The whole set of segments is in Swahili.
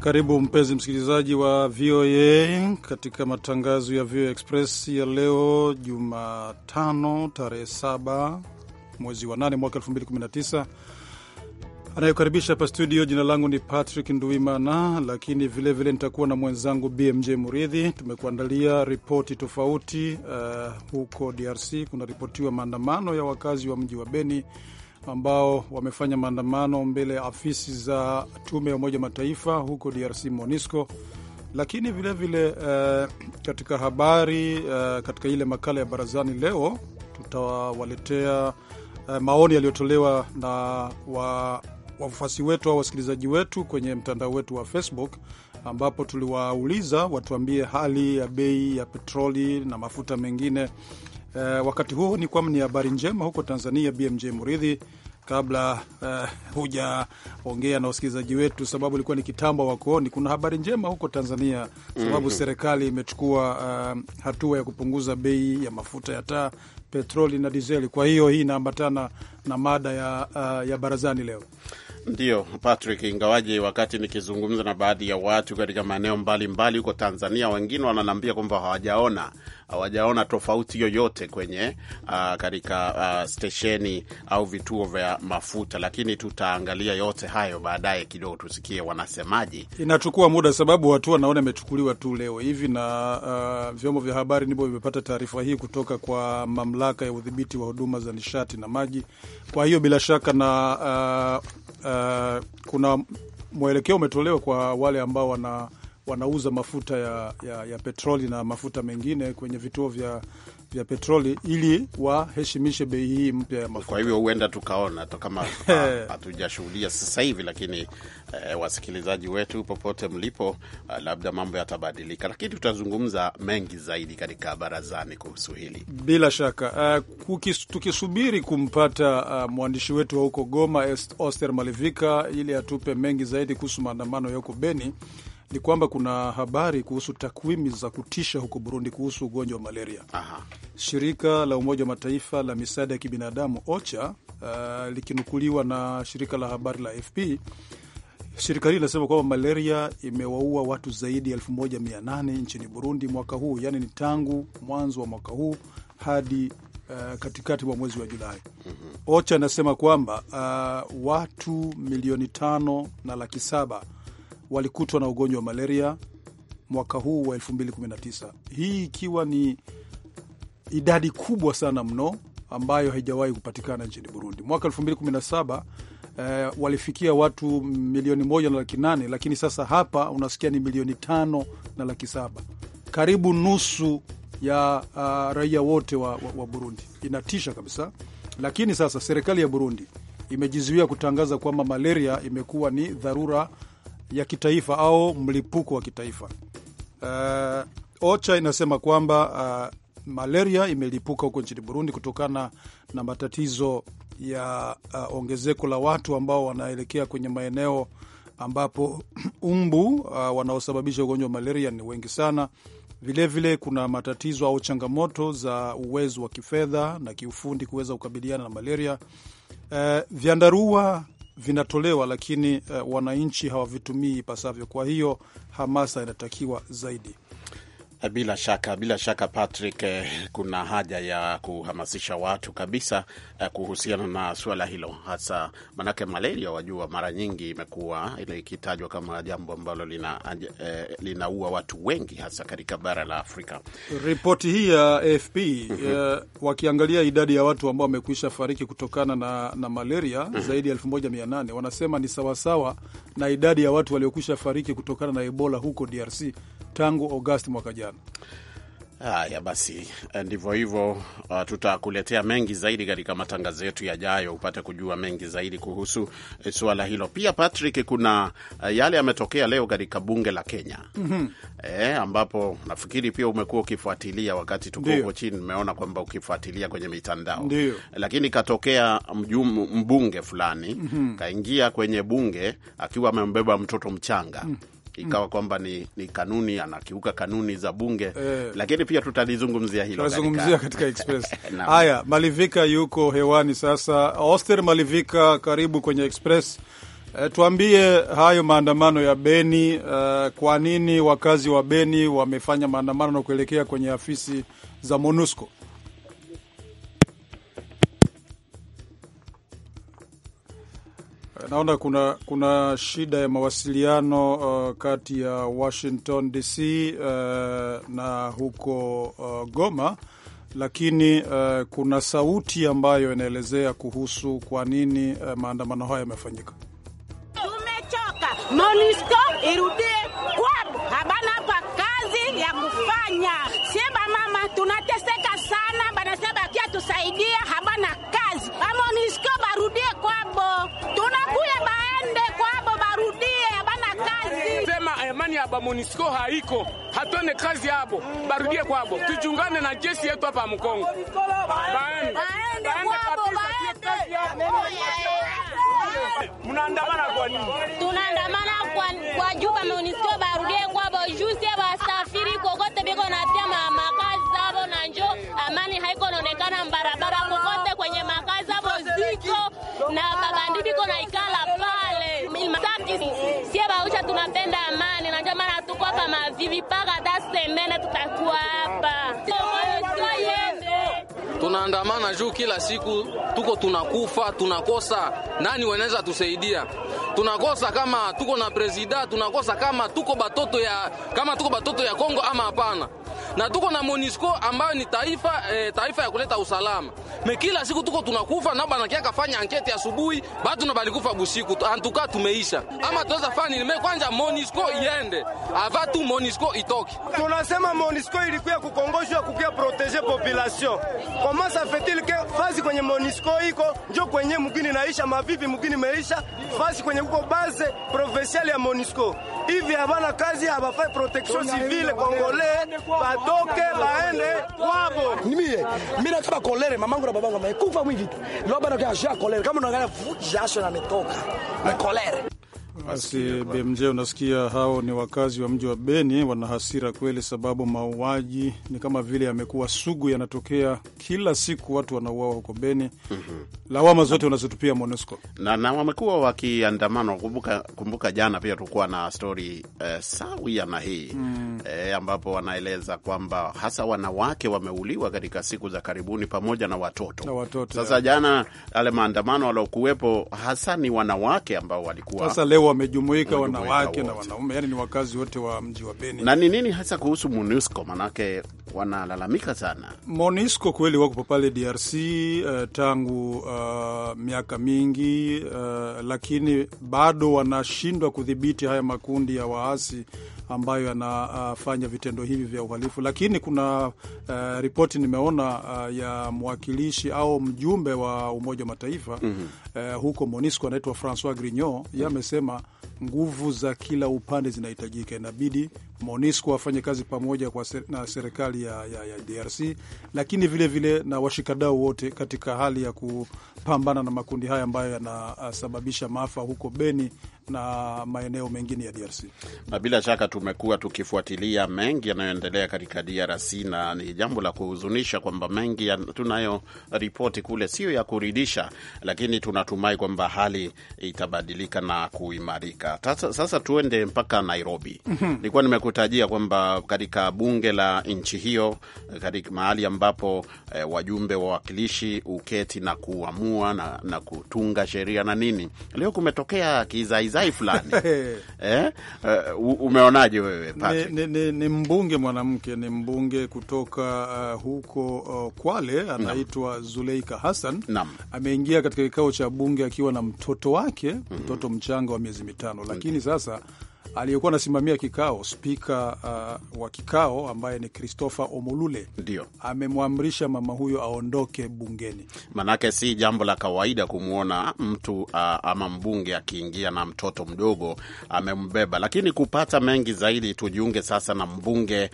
Karibu mpenzi msikilizaji wa VOA katika matangazo ya VOA Express ya leo Jumatano tarehe 7 mwezi wa 8 mwaka 2019. Anayekaribisha hapa studio, jina langu ni Patrick Nduimana, lakini vilevile nitakuwa na mwenzangu BMJ Muridhi. Tumekuandalia ripoti tofauti. Uh, huko DRC kunaripotiwa maandamano ya wakazi wa mji wa Beni ambao wamefanya maandamano mbele ya afisi za tume ya Umoja Mataifa huko DRC, MONUSCO. Lakini vilevile vile, uh, katika habari uh, katika ile makala ya barazani leo tutawaletea uh, maoni yaliyotolewa na wa wafuasi wetu au wasikilizaji wetu kwenye mtandao wetu wa Facebook ambapo tuliwauliza watuambie hali ya bei ya petroli na mafuta mengine Uh, wakati huo ni kwamba ni habari njema huko Tanzania. BMJ Muridhi, kabla uh, hujaongea na wasikilizaji wetu, sababu ilikuwa ni kitambo wakuoni kuna habari njema huko Tanzania sababu mm -hmm. serikali imechukua uh, hatua ya kupunguza bei ya mafuta ya taa, petroli na dizeli. Kwa hiyo hii inaambatana na mada ya, uh, ya barazani leo. Ndiyo Patrick, ingawaje wakati nikizungumza na baadhi ya watu katika maeneo mbalimbali huko Tanzania, wengine wananiambia kwamba hawajaona hawajaona tofauti yoyote kwenye uh, katika uh, stesheni au vituo vya mafuta, lakini tutaangalia yote hayo baadaye kidogo, tusikie wanasemaji. Inachukua muda sababu watu wanaona imechukuliwa tu leo hivi, na uh, vyombo vya habari ndivyo vimepata taarifa hii kutoka kwa mamlaka ya udhibiti wa huduma za nishati na maji. Kwa hiyo bila shaka na uh, uh, kuna mwelekeo umetolewa kwa wale ambao wana, wanauza mafuta ya, ya, ya petroli na mafuta mengine kwenye vituo vya ya petroli ili waheshimishe bei hii mpya ya mafuta. Kwa hivyo huenda tukaona hata kama hatujashuhudia sasa hivi, lakini eh, wasikilizaji wetu popote mlipo, eh, labda mambo yatabadilika, lakini tutazungumza mengi zaidi katika barazani kuhusu hili bila shaka. Uh, eh, kukis, tukisubiri kumpata uh, mwandishi wetu wa huko Goma Oster Malivika ili atupe mengi zaidi kuhusu maandamano ya huko Beni ni kwamba kuna habari kuhusu takwimu za kutisha huko Burundi kuhusu ugonjwa wa malaria. Aha. Shirika la Umoja wa Mataifa la misaada ya kibinadamu OCHA, uh, likinukuliwa na shirika la habari la fp shirika hili linasema kwamba malaria imewaua watu zaidi ya nane nchini Burundi mwaka huu, yaani ni tangu mwanzo wa mwaka huu hadi Uh, katikati mwa mwezi wa Julai. mm -hmm. OCHA anasema kwamba uh, watu milioni tano na laki saba walikutwa na ugonjwa wa malaria mwaka huu wa 2019, hii ikiwa ni idadi kubwa sana mno ambayo haijawahi kupatikana nchini Burundi. Mwaka 2017 eh, walifikia watu milioni moja na laki nane, lakini sasa hapa unasikia ni milioni tano na laki saba, karibu nusu ya uh, raia wote wa, wa, wa Burundi. Inatisha kabisa, lakini sasa serikali ya Burundi imejizuia kutangaza kwamba malaria imekuwa ni dharura ya kitaifa au mlipuko wa kitaifa. Uh, OCHA inasema kwamba uh, malaria imelipuka huko nchini Burundi kutokana na matatizo ya uh, ongezeko la watu ambao wanaelekea kwenye maeneo ambapo umbu uh, wanaosababisha ugonjwa wa malaria ni wengi sana. Vilevile vile kuna matatizo au changamoto za uwezo wa kifedha na kiufundi kuweza kukabiliana na malaria. Uh, vyandarua vinatolewa, lakini uh, wananchi hawavitumii ipasavyo. Kwa hiyo hamasa inatakiwa zaidi. Eh, bila shaka bila shaka, Patrick, eh, kuna haja ya kuhamasisha watu kabisa eh, kuhusiana na suala hilo, hasa manake malaria, wajua, mara nyingi imekuwa ikitajwa kama jambo ambalo lina eh, linaua watu wengi hasa katika bara la Afrika. Ripoti hii ya AFP mm -hmm. eh, wakiangalia idadi ya watu ambao wamekwisha fariki kutokana na, na malaria mm -hmm. zaidi ya nane wanasema ni sawasawa na idadi ya watu waliokwisha fariki kutokana na Ebola huko DRC tangu Agosti mwaka jana. Haya basi, ndivyo hivyo. Uh, tutakuletea mengi zaidi katika matangazo yetu yajayo, upate kujua mengi zaidi kuhusu eh, suala hilo. Pia Patrick, kuna uh, yale yametokea leo katika bunge la Kenya mm -hmm. E, ambapo nafikiri pia umekuwa ukifuatilia wakati tuko huko chini, nimeona kwamba ukifuatilia kwenye mitandao Ndiyo. Lakini katokea mjum, mbunge fulani mm -hmm. kaingia kwenye bunge akiwa amembeba mtoto mchanga mm -hmm ikawa mm. kwamba ni, ni kanuni anakiuka kanuni za bunge eh, lakini pia tutalizungumzia hilo, katika Express haya. Malivika yuko hewani sasa. Oster Malivika, karibu kwenye Express. E, tuambie hayo maandamano ya Beni. E, kwa nini wakazi wa Beni wamefanya maandamano na kuelekea kwenye afisi za MONUSCO? naona kuna, kuna shida ya mawasiliano uh, kati ya Washington DC uh, na huko uh, Goma, lakini uh, kuna sauti ambayo inaelezea kuhusu kwa nini uh, maandamano hayo yamefanyika. Tumechoka, Monisco irudie kwabu habana hapa kazi ya kufanya. Sieba mama tunateseka sana, banasema kia tusaidia habana kazi. ya ba haiko, hatone kazi yabo, barudie kwabo, tujungane na jeshi yetu hapa Mkongo. Munaandamana kwa nini? Tunaandamana kwa juba MONUSCO barudie kwabo, juzi basafiri koko hapa mavivi mpaka hata semene tutakuwa hapa tunaandamana juu kila siku tuko tunakufa, tunakosa nani wanaweza tusaidia, tunakosa kama tuko na presida, tunakosa kama tuko batoto ya kama tuko batoto ya Kongo ama hapana na tuko na Monisco ambayo ni taifa eh, taifa ya kuleta usalama. Me kila siku tuko tunakufa na bana kia kafanya anketi asubuhi, bado na balikufa busiku. Antuka tumeisha. Ama tuweza fanya nime kwanza Monisco iende. Ava tu Monisco itoke. Tunasema Monisco ilikuwa kukongoshwa kukia proteger population. Comment ça fait-il que fasi kwenye Monisco iko njo kwenye mugini naisha mavivi mugini meisha fasi kwenye kuko base provinciale ya Monisco. Hivi habana kazi habafai protection civile congolais batoke baende kwabo. Mie mimi nataka kolere mamangu na babangu amekufa mwingi tu. Leo bana kwa kolere kama unaangalia jasho na metoka. Ni kolere. Basi BMJ, unasikia hao ni wakazi wa mji wa Beni, wana hasira kweli, sababu mauaji ni kama vile yamekuwa sugu, yanatokea kila siku, watu wanauawa huko Beni. mm -hmm. Lawama zote wanazotupia MONUSCO na, na wamekuwa wakiandamana. Kumbuka, kumbuka jana pia tulikuwa na stori eh, sawia na hii mm. eh, ambapo wanaeleza kwamba hasa wanawake wameuliwa katika siku za karibuni pamoja na watoto, na watoto sasa ya. Jana yale maandamano waliokuwepo hasa ni wanawake ambao walikuwa sasa leo wamejumuika wanawake na wanaume, yani ni wakazi wote wa mji wa Beni. Na ni nini hasa kuhusu MONUSCO? Manake wanalalamika sana MONUSCO. Kweli wako pale DRC uh, eh, tangu uh, miaka mingi uh, lakini bado wanashindwa kudhibiti haya makundi ya waasi ambayo yanafanya vitendo hivi vya uhalifu. Lakini kuna uh, ripoti nimeona uh, ya mwakilishi au mjumbe wa Umoja wa Mataifa mm -hmm. uh, huko MONUSCO anaitwa Francois Grignon mm -hmm. yamesema nguvu za kila upande zinahitajika. Inabidi MONUSCO afanye kazi pamoja kwa ser na serikali ya, ya, ya DRC, lakini vilevile vile na washikadau wote katika hali ya kupambana na makundi haya ambayo yanasababisha maafa huko Beni na maeneo mengine ya DRC. Na bila shaka tumekuwa tukifuatilia mengi yanayoendelea katika DRC, na ni jambo la kuhuzunisha kwamba mengi ripoti kule sio ya kuridhisha, lakini tunatumai kwamba hali itabadilika na kuimarika. Sasa, sasa tuende mpaka Nairobi. Mhm. Nilikuwa nimekutajia kwamba katika bunge la nchi hiyo, katika mahali ambapo eh, wajumbe wawakilishi uketi na kuamua na, na kutunga sheria na nini, leo kumetokea kizaizai madai fulani eh? Uh, umeonaje wewe Patrick? Ni, ni, ni mbunge mwanamke, ni mbunge kutoka uh, huko uh, Kwale anaitwa Zuleika Hassan. Ameingia katika kikao cha bunge akiwa na mtoto wake, mhm. mtoto mm -hmm. mchanga wa miezi mitano, lakini sasa aliyekuwa anasimamia kikao, spika uh, wa kikao ambaye ni Christopher Omulule ndio amemwamrisha mama huyo aondoke bungeni. Manake si jambo la kawaida kumwona mtu uh, ama mbunge akiingia na mtoto mdogo amembeba. Lakini kupata mengi zaidi, tujiunge sasa na mbunge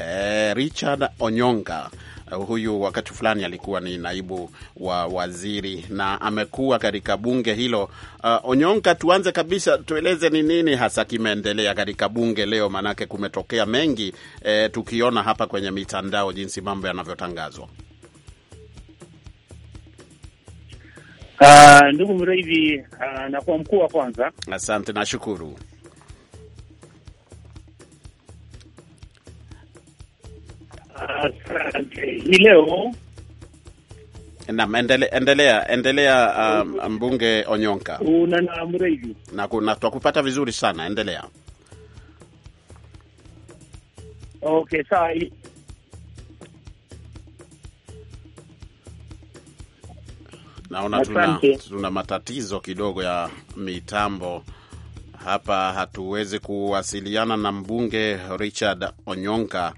eh, Richard Onyonga Eh, huyu wakati fulani alikuwa ni naibu wa waziri na amekuwa katika bunge hilo. Uh, Onyonka, tuanze kabisa, tueleze ni nini hasa kimeendelea katika bunge leo, maanake kumetokea mengi eh, tukiona hapa kwenye mitandao jinsi mambo yanavyotangazwa. Uh, ndugu Mreivi, uh, ah, nakuwa mkuu wa kwanza, asante, nashukuru. Asante. Ni leo Naam, endelea endelea, uh, mbunge Onyonka na kuna twakupata vizuri sana, endelea. Okay, sawa. Naona tuna, tuna matatizo kidogo ya mitambo hapa, hatuwezi kuwasiliana na mbunge Richard Onyonka.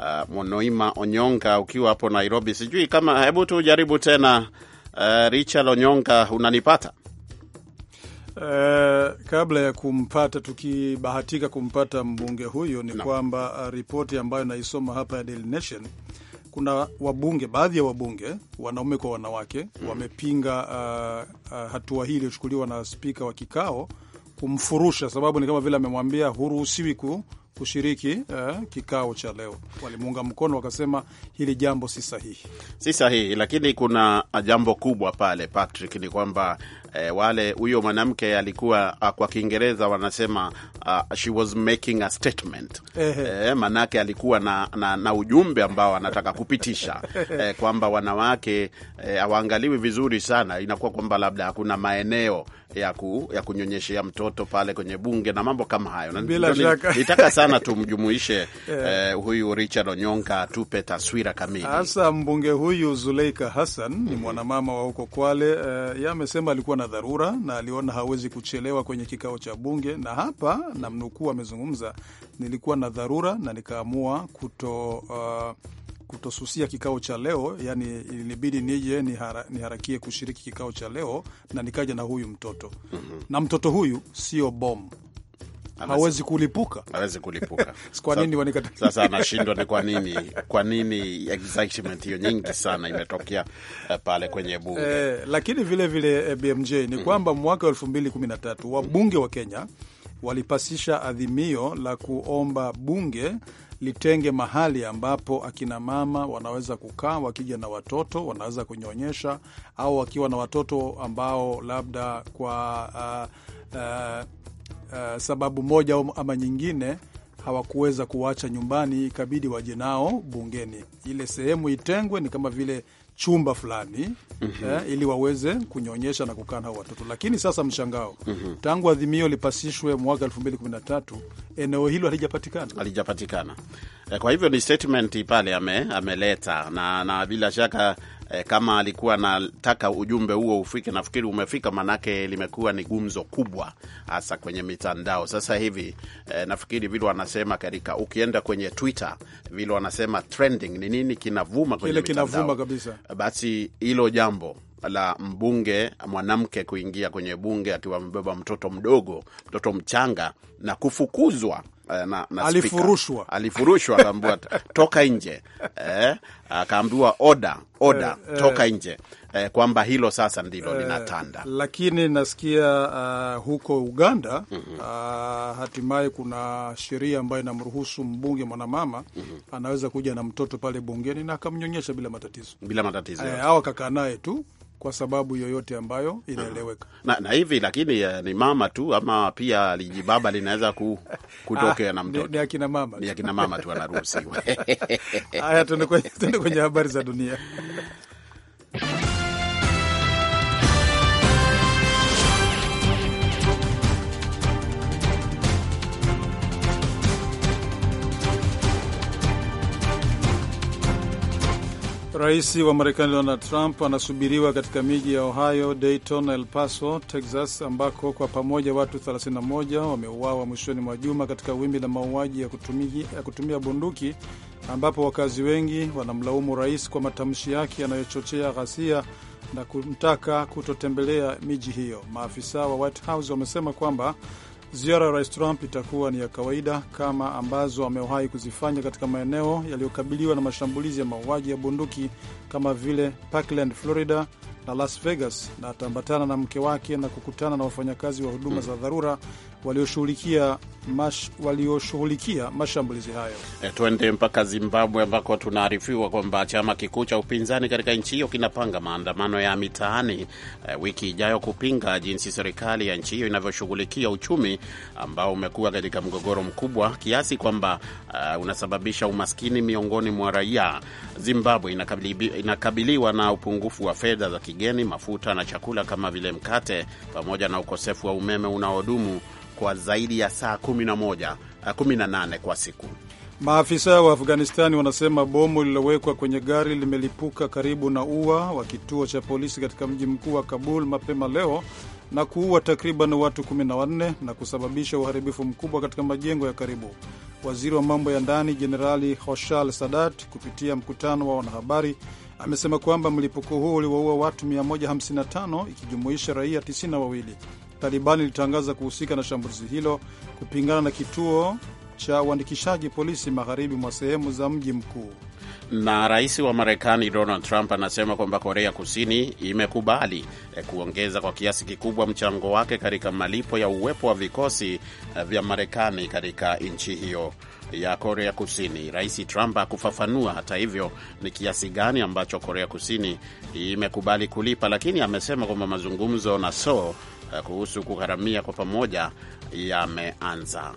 Uh, Monoima Onyonga ukiwa hapo Nairobi. Sijui kama, hebu jaribu tena uh, Richard Onyonga, unanipata? Uh, kabla ya kumpata, tukibahatika kumpata mbunge huyo, ni no. kwamba uh, ripoti ambayo naisoma hapa ya Daily Nation, kuna wabunge, baadhi ya wabunge wanaume kwa wanawake mm. wamepinga uh, uh, hatua hii iliyochukuliwa na spika wa kikao kumfurusha, sababu ni kama vile amemwambia huruhusiwi ku kushiriki eh, kikao cha leo. Walimuunga mkono wakasema hili jambo si sahihi, si sahihi. Lakini kuna jambo kubwa pale Patrick, ni kwamba e, wale huyo mwanamke alikuwa ah, kwa Kiingereza wanasema uh, she was making a statement eh, manake alikuwa na, na, na ujumbe ambao anataka kupitisha e, kwamba wanawake hawaangaliwi eh, vizuri sana, inakuwa kwamba labda hakuna maeneo ya, ku, ya kunyonyeshea mtoto pale kwenye bunge na mambo kama hayo. Nitaka sana tumjumuishe yeah. eh, huyu Richard Onyonka atupe taswira kamili. Hasa mbunge huyu Zuleika Hassan mm -hmm. ni mwanamama wa huko Kwale eh, yeye amesema alikuwa na dharura na aliona hawezi kuchelewa kwenye kikao cha bunge, na hapa namnukuu, amezungumza, nilikuwa na dharura na nikaamua kuto uh, kutosusia kikao cha leo, yani ilinibidi nije nihara, niharakie kushiriki kikao cha leo na nikaja na huyu mtoto mm -hmm. na mtoto huyu sio bomu hawezi kulipuka, hawezi kulipuka. Kwa nini wanikata? Sasa anashindwa ni kwa nini, kwa nini excitement hiyo nyingi sana imetokea eh, pale kwenye bunge eh, lakini vile vile eh, BMJ ni mm-hmm. kwamba mwaka wa elfu mbili kumi na tatu wabunge wa Kenya walipasisha adhimio la kuomba bunge litenge mahali ambapo akina mama wanaweza kukaa wakija na watoto, wanaweza kunyonyesha au wakiwa na watoto ambao labda kwa uh, uh, uh, sababu moja ama nyingine hawakuweza kuwacha nyumbani, ikabidi waje nao bungeni. Ile sehemu itengwe ni kama vile chumba fulani mm -hmm. eh, ili waweze kunyonyesha na kukaa nao watoto. Lakini sasa mshangao, mm -hmm. tangu adhimio lipasishwe mwaka tatu eneo hilo halijapatikana, halijapatikana. Eh, kwa hivyo ni statement pale ame, ameleta na, na bila shaka e, kama alikuwa anataka ujumbe huo ufike, nafikiri umefika, manake limekuwa ni gumzo kubwa hasa kwenye mitandao sasa hivi. E, nafikiri vile wanasema katika, ukienda kwenye Twitter vile wanasema trending ni nini, kinavuma kwenye mitandao, kinavuma kabisa. Basi hilo jambo la mbunge mwanamke kuingia kwenye bunge akiwa amebeba mtoto mdogo, mtoto mchanga na kufukuzwa Eh, na, na alifurushwa alifurushwa, akaambiwa toka nje eh, akaambiwa oda oda eh, eh, toka nje eh, kwamba hilo sasa ndilo eh, linatanda. Lakini nasikia uh, huko Uganda mm -hmm. uh, hatimaye kuna sheria ambayo inamruhusu mbunge mwanamama mm -hmm. anaweza kuja na mtoto pale bungeni na akamnyonyesha bila matatizo bila matatizo eh, au akakaa naye tu kwa sababu yoyote ambayo inaeleweka ah. na, na hivi lakini eh, ni mama tu ama pia lijibaba linaweza ku, kutokea ah, na mtoto ni akina mama ni akina mama tu anaruhusiwa. Haya, tuende kwenye habari za dunia. Rais wa Marekani Donald Trump anasubiriwa katika miji ya Ohio, Dayton, El Paso, Texas, ambako kwa pamoja watu 31 wameuawa mwishoni mwa juma katika wimbi la mauaji ya kutumia, ya kutumia bunduki, ambapo wakazi wengi wanamlaumu rais kwa matamshi yake yanayochochea ghasia na kumtaka kutotembelea miji hiyo. Maafisa wa White House wamesema kwamba Ziara ya Rais Trump itakuwa ni ya kawaida kama ambazo amewahi kuzifanya katika maeneo yaliyokabiliwa na mashambulizi ya mauaji ya bunduki kama vile Parkland, Florida na Las Vegas, na ataambatana na mke wake na kukutana na wafanyakazi wa huduma za dharura walioshughulikia mash, walioshughulikia mashambulizi hayo. E, twende mpaka Zimbabwe ambako tunaarifiwa kwamba chama kikuu cha upinzani katika nchi hiyo kinapanga maandamano ya mitaani e, wiki ijayo kupinga jinsi serikali ya nchi hiyo inavyoshughulikia uchumi ambao umekuwa katika mgogoro mkubwa kiasi kwamba uh, unasababisha umaskini miongoni mwa raia. Zimbabwe inakabili, inakabiliwa na upungufu wa fedha za kigeni, mafuta na chakula kama vile mkate, pamoja na ukosefu wa umeme unaodumu kwa zaidi ya saa 11, 18 eh, kwa siku. Maafisa wa Afghanistani wanasema bomu lililowekwa kwenye gari limelipuka karibu na ua wa kituo cha polisi katika mji mkuu wa Kabul mapema leo na kuua takriban watu 14 na kusababisha uharibifu mkubwa katika majengo ya karibu. Waziri wa mambo ya ndani Jenerali Hoshal Sadat, kupitia mkutano wa wanahabari, amesema kwamba mlipuko huu uliwaua watu 155 ikijumuisha raia 92. Taliban ilitangaza kuhusika na shambulizi hilo kupingana na kituo cha uandikishaji polisi magharibi mwa sehemu za mji mkuu. Na rais wa Marekani Donald Trump anasema kwamba Korea Kusini imekubali eh, kuongeza kwa kiasi kikubwa mchango wake katika malipo ya uwepo wa vikosi eh, vya Marekani katika nchi hiyo ya Korea Kusini. Rais Trump hakufafanua hata hivyo ni kiasi gani ambacho Korea Kusini imekubali kulipa, lakini amesema kwamba mazungumzo na Seoul Eh, kuhusu kugharamia kwa pamoja yameanza.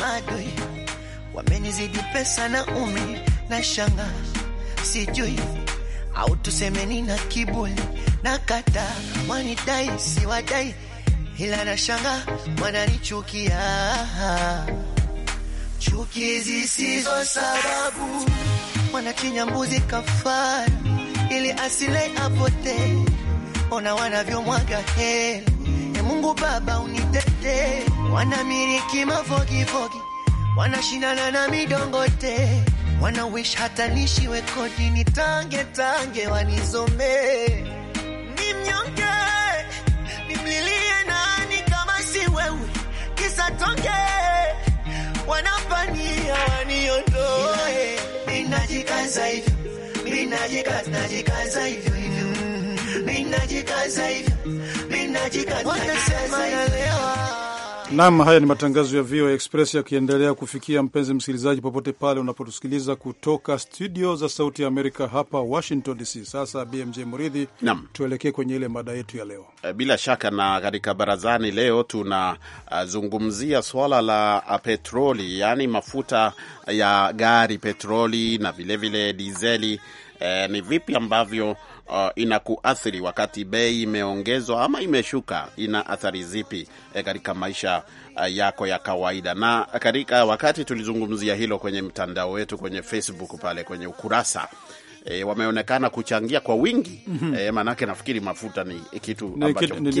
Madui wamenizidi pesa na umi na shanga, sijui au tusemeni na kibuli na kata wanidai siwadai ila nashanga wananichukia, chuki zisizo sababu, wanachinya mbuzi kafara ili asile apote Ona wanavyomwaga hel E Mungu Baba unitete wanamiliki mafogifogi, wanashindana na midongote, wish hata nishiwe kodi tange wanizomee wanafania waniondoe, ninajikaza hivyo, ninajikaza hivyo hivyo, ninajikaza hivyo, ninajikaza, wanasema nalewa Nam, haya ni matangazo ya VOA Express yakiendelea kufikia mpenzi msikilizaji, popote pale unapotusikiliza kutoka studio za Sauti ya Amerika hapa Washington DC. Sasa BMJ Muridhi, tuelekee kwenye ile mada yetu ya leo. Eh, bila shaka, na katika barazani leo tunazungumzia ah, swala la ah, petroli, yaani mafuta ya gari, petroli na vilevile dizeli eh, ni vipi ambavyo uh, inakuathiri wakati bei imeongezwa ama imeshuka, ina athari zipi eh, katika maisha uh, yako ya kawaida. Na katika wakati tulizungumzia hilo kwenye mtandao wetu kwenye Facebook pale kwenye ukurasa E, wameonekana kuchangia kwa wingi mm -hmm. E, eh, maanake nafikiri mafuta ni eh, kitu ambacho ni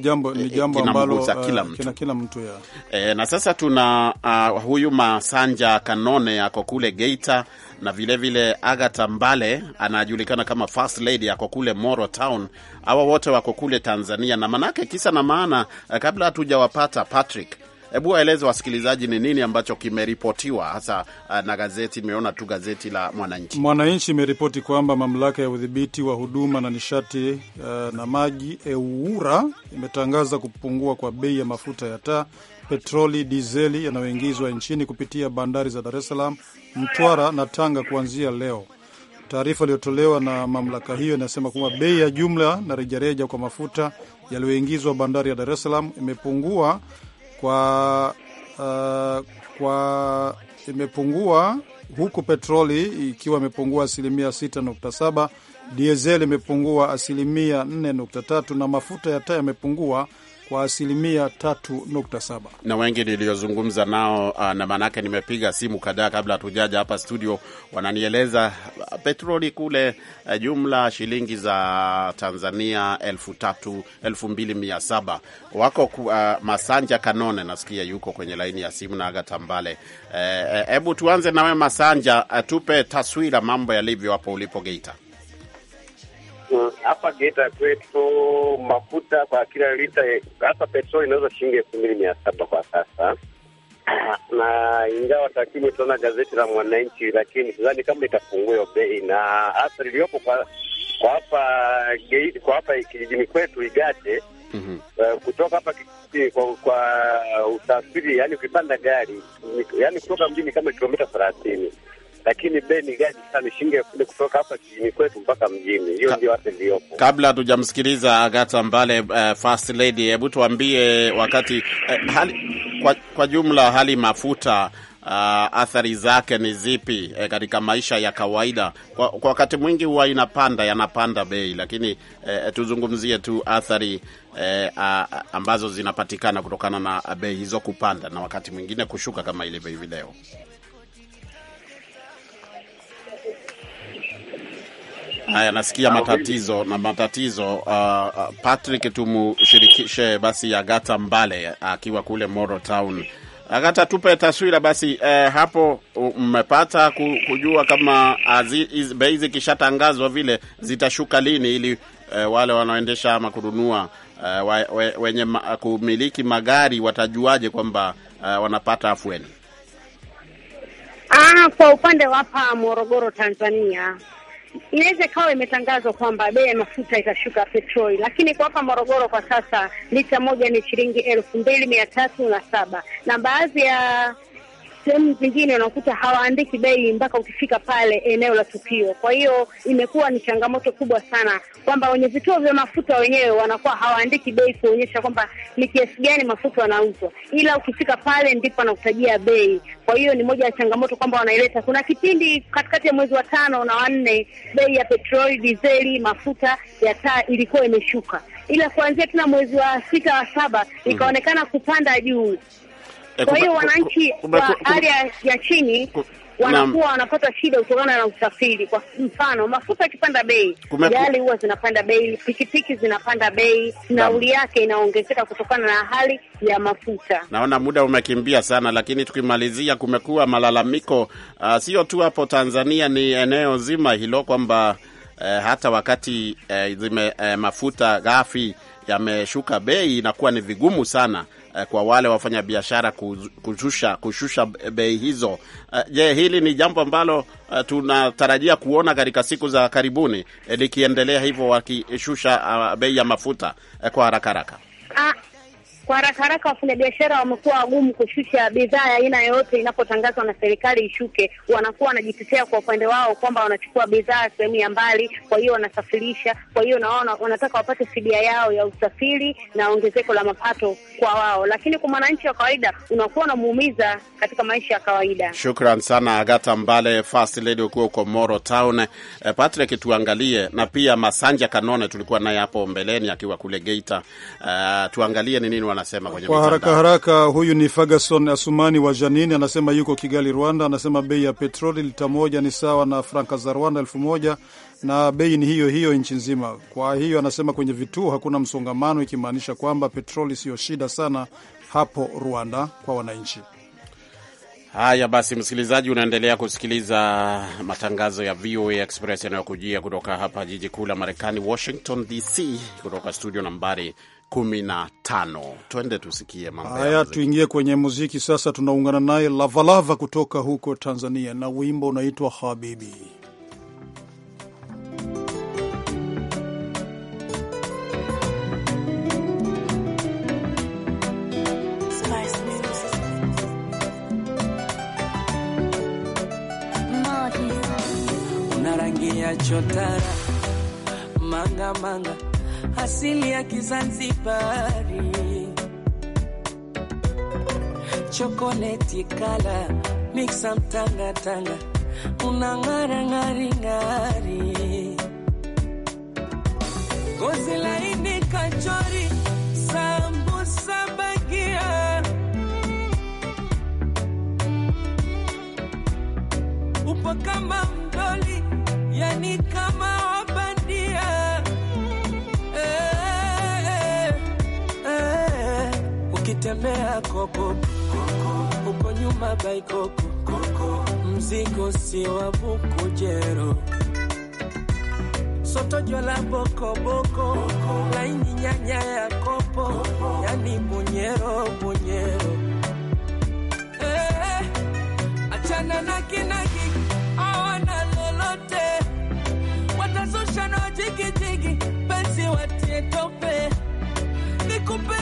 jambo uh, kila mtu ya e, na sasa tuna uh, huyu Masanja Kanone ako kule Geita na vilevile vile Agatha Mbale anajulikana kama First Lady, ako kule Moro Town. Hawa wote wako kule Tanzania, na manake kisa na maana, eh, kabla hatujawapata Patrick Hebu waeleze wasikilizaji ni nini ambacho kimeripotiwa hasa uh, na gazeti. Nimeona tu gazeti la Mwananchi. Mwananchi imeripoti kwamba mamlaka ya udhibiti wa huduma na nishati uh, na maji EWURA imetangaza kupungua kwa bei ya mafuta ya taa, petroli, dizeli yanayoingizwa nchini kupitia bandari za Dar es Salaam, Mtwara na Tanga kuanzia leo. Taarifa iliyotolewa na mamlaka hiyo inasema kwamba bei ya jumla na rejareja kwa mafuta yaliyoingizwa bandari ya Dar es Salaam imepungua kwa, uh, kwa imepungua huku petroli ikiwa imepungua asilimia 6.7, diesel imepungua asilimia 4.3 na mafuta ya taa yamepungua kwa asilimia 3.7. Na wengi niliyozungumza nao, ah, na maanake nimepiga simu kadhaa kabla hatujaja hapa studio, wananieleza petroli kule eh, jumla shilingi za Tanzania elfu tatu elfu mbili mia saba wako uh, Masanja Kanone nasikia yuko kwenye laini ya simu na Aga Tambale. Eh, eh, hebu e, tuanze nawe Masanja, tupe taswira mambo yalivyo hapo ulipo Geita hapa Geita kwetu mafuta kwa kila lita hasa petroli inaweza shilingi elfu mbili mia saba kwa sasa na ingawa takwimu tunaona gazeti la Mwananchi, lakini sidhani kama itapungua hiyo bei, na hasa liliyopo kwa kwa hapa kwa hapa kijijini kwetu Igate. Mm -hmm. Uh, kutoka hapa kijijini kwa, kwa usafiri, yani ukipanda gari, yani kutoka mjini kama kilomita thelathini lakini bei ni ghali sana, shilingi elfu moja kutoka hapa kijijini kwetu mpaka mjini. Hiyo ndio hata iliyopo. Kabla hatujamsikiliza Agata Mbale, uh, First Lady, hebu tuambie wakati uh, hali, kwa, kwa jumla hali mafuta uh, athari zake ni zipi eh, katika maisha ya kawaida? Kwa, kwa wakati mwingi huwa inapanda yanapanda bei, lakini eh, tuzungumzie tu athari eh, a, ambazo zinapatikana kutokana na bei hizo kupanda na wakati mwingine kushuka kama ilivyo hivi leo. Haya, nasikia matatizo na matatizo. Uh, uh, Patrick, tumshirikishe basi Agata Mbale akiwa kule Moro Town. Agata, tupe taswira basi uh, hapo mmepata kujua kama uh, bei zikishatangazwa vile zitashuka lini, ili uh, wale wanaoendesha ama kununua eh, we, wenye ma, kumiliki magari watajuaje kwamba uh, wanapata afueni? Ah, kwa upande wa hapa Morogoro Tanzania inaweza ikawa imetangazwa kwamba bei ya mafuta itashuka petroli, lakini kwa hapa Morogoro kwa sasa lita moja ni shilingi elfu mbili mia tatu na saba na baadhi ya sehemu zingine unakuta hawaandiki bei mpaka ukifika pale eneo la tukio. Kwa hiyo imekuwa ni changamoto kubwa sana kwamba wenye vituo vya mafuta wenyewe wanakuwa hawaandiki bei kuonyesha kwamba ni kiasi gani mafuta wanauzwa ila ukifika pale ndipo wanakutajia bei. Kwa hiyo ni moja ya changamoto kwamba wanaileta. Kuna kipindi katikati ya mwezi wa tano na wanne, bei ya petroli, dizeli, mafuta ya taa ilikuwa imeshuka, ila kuanzia tena mwezi wa sita wa saba ikaonekana kupanda juu. Eh, Kwa hiyo wananchi wa hali ya chini wanakuwa wanapata shida kutokana na usafiri. Kwa mfano, mafuta yakipanda bei, gari huwa zinapanda bei, pikipiki zinapanda bei, nauli yake inaongezeka kutokana na hali ya mafuta. Naona muda umekimbia sana, lakini tukimalizia, kumekuwa malalamiko ah, sio tu hapo Tanzania, ni eneo zima hilo kwamba uh, hata wakati uh, zime, uh, mafuta ghafi yameshuka bei, inakuwa ni vigumu sana eh, kwa wale wafanya biashara kushusha, kushusha bei hizo eh, je, hili ni jambo ambalo eh, tunatarajia kuona katika siku za karibuni eh, likiendelea hivyo wakishusha eh, bei ya mafuta eh, kwa haraka haraka? Ah, kwa haraka haraka, wafanyabiashara wamekuwa wagumu kushusha bidhaa ya aina yoyote inapotangazwa na serikali ishuke. Wanakuwa wanajitetea kwa upande wao kwamba wanachukua bidhaa sehemu ya mbali, kwa hiyo wanasafirisha. Kwa hiyo naona wanataka wapate fidia yao ya usafiri na ongezeko la mapato kwa wao, lakini kwa mwananchi wa kawaida unakuwa unamuumiza katika maisha ya kawaida. Shukran sana Agata Mbale, First Lady, ukiwa uko Moro Town. Eh, Patrick, tuangalie na pia Masanja Kanone tulikuwa naye hapo mbeleni akiwa kule Geita. Uh, tuangalie ni nini wanasema kwenye kwa haraka haraka. Huyu ni Ferguson Asumani wa Janini, anasema yuko Kigali, Rwanda. Anasema bei ya petroli lita moja ni sawa na franka za Rwanda elfu moja na bei ni hiyo hiyo nchi nzima. Kwa hiyo anasema kwenye vituo hakuna msongamano, ikimaanisha kwamba petroli siyo shida sana hapo Rwanda kwa wananchi. Haya basi, msikilizaji, unaendelea kusikiliza matangazo ya VOA Express yanayokujia kutoka hapa jiji kuu la Marekani, Washington DC, kutoka studio nambari 15. Twende tusikie mambo haya, tuingie kwenye muziki sasa. Tunaungana naye Lavalava kutoka huko Tanzania na wimbo unaitwa Habibi. Una rangi ya chotara manga manga asili ya Kizanzibari, chokoleti kala miksa mtangatanga, unang'ara ng'ari, gozi laini kachori, sambusa bagia, upo kama mdoli, yani kama Tembea koko, uko nyuma koko, mzigo si wavuko jero sotojo boko bokoboko laini nyanya ya kopo koko. Yani bunyero bunyero eh, achana na kinaki awana lolote watazusha na jigijigi basi watie tope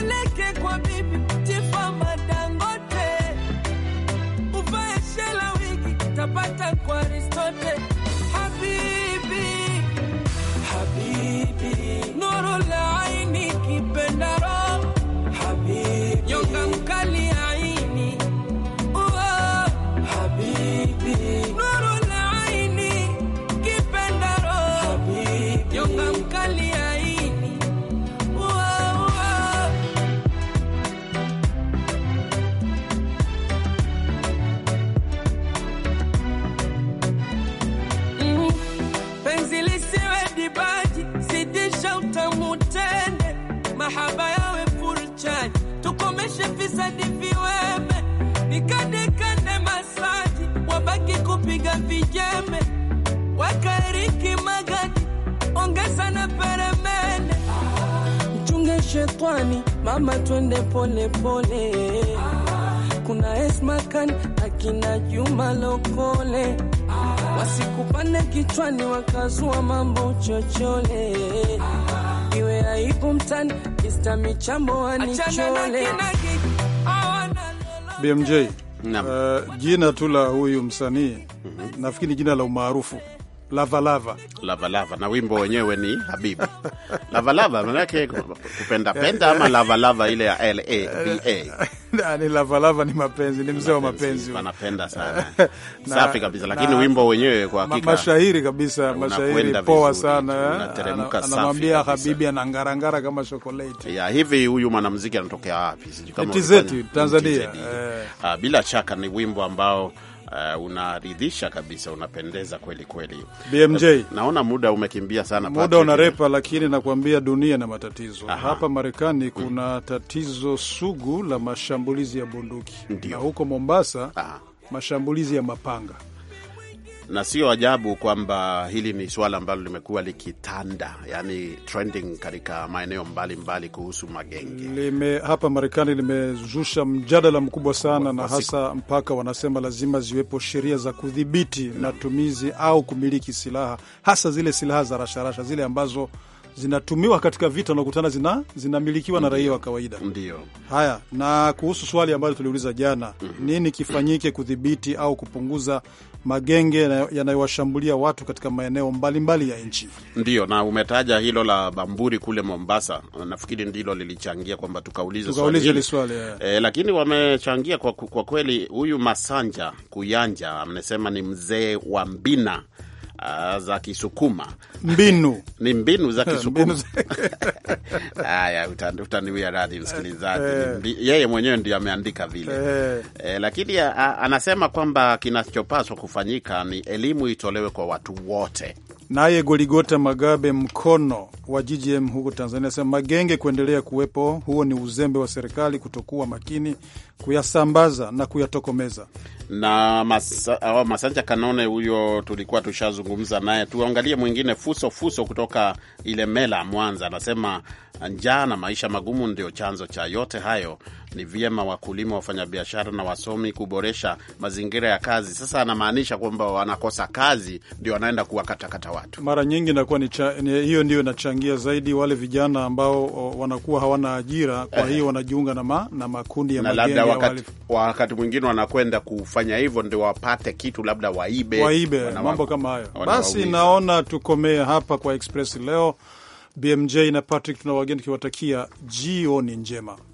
nipeleke kwa bibi Tifa Madangote, uvae shela wigi tapata kwa Aristote. shetani, mama twende pole pole. Kuna Esmakan akina Juma Lokole, wasikupane kichwani wakazua mambo chochole iwe aibu mtani kista michambo anichole. BMJ, uh, eh, jina tu la huyu msanii mm -hmm. Nafikiri jina la umaarufu Lavalava lavalava lava. Na wimbo wenyewe ni Habibi Lavalava manake kupenda penda ama lavalava lava ile ya lava ni lavalava, ni mapenzi, ni mzee wa mapenzi, anapenda sana safi kabisa. Lakini wimbo wenyewe kwa hakika mashairi kabisa, mashairi poa sana, anateremka eh? safi. Anamwambia Habibi anangarangara kama chokoleti ya hivi. Huyu mwanamuziki anatokea wapi? Sijui kama zetu Tanzania. Eh. Ah, bila shaka ni wimbo ambao uh, unaridhisha kabisa, unapendeza kweli kweli. BMJ, eh, naona muda umekimbia sana, muda unarepa, lakini nakuambia dunia na matatizo. Aha. Hapa Marekani mm. kuna tatizo sugu la mashambulizi ya bunduki, na huko Mombasa. Aha. mashambulizi ya mapanga na sio ajabu kwamba hili ni suala ambalo limekuwa likitanda, yani trending katika maeneo mbalimbali kuhusu magenge lime, hapa Marekani limezusha mjadala mkubwa sana na hasa mpaka wanasema lazima ziwepo sheria za kudhibiti matumizi au kumiliki silaha, hasa zile silaha za rasharasha zile ambazo zinatumiwa katika vita, unakutana zina zinamilikiwa na raia wa kawaida. Ndio haya. Na kuhusu swali ambalo tuliuliza jana, mm -hmm. nini kifanyike kudhibiti au kupunguza magenge yanayowashambulia watu katika maeneo mbalimbali mbali ya nchi. Ndio, na umetaja hilo la Bamburi kule Mombasa, nafikiri ndilo lilichangia kwamba tukaulize swali, swali e, lakini wamechangia kwa, kwa kweli. Huyu Masanja Kuyanja amesema ni mzee wa Mbina Ah, za Kisukuma mbinu ni mbinu za Kisukuma haya utaniwia radhi msikilizaji, eh. yeye mwenyewe ndio ameandika vile e, lakini a, anasema kwamba kinachopaswa kufanyika ni elimu itolewe kwa watu wote Naye Goligota Magabe Mkono wa GGM huko Tanzania sema magenge kuendelea kuwepo, huo ni uzembe wa serikali kutokuwa makini kuyasambaza na kuyatokomeza. Na masa, Masanja Kanone huyo tulikuwa tushazungumza naye. Tuangalie mwingine, Fuso Fuso kutoka Ilemela, Mwanza, anasema njaa na maisha magumu ndio chanzo cha yote hayo ni vyema wakulima, wafanyabiashara na wasomi kuboresha mazingira ya kazi. Sasa anamaanisha kwamba wanakosa kazi ndio wanaenda kuwakatakata watu. Mara nyingi inakuwa ni hiyo ndio inachangia zaidi wale vijana ambao o, wanakuwa hawana ajira, kwa hiyo eh. wanajiunga na, ma, na makundi ya na labda wakati, wakati mwingine wanakwenda kufanya hivyo ndio wapate kitu labda waibe, waibe mambo kama hayo. Basi naona tukomee hapa kwa Express leo. BMJ na Patrick wageni tukiwatakia jioni njema.